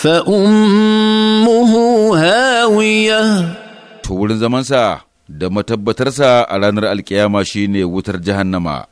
fa’ummuhu hawiya. to wurin zamansa da matabbatarsa a ranar alkiyama shine wutar jahannama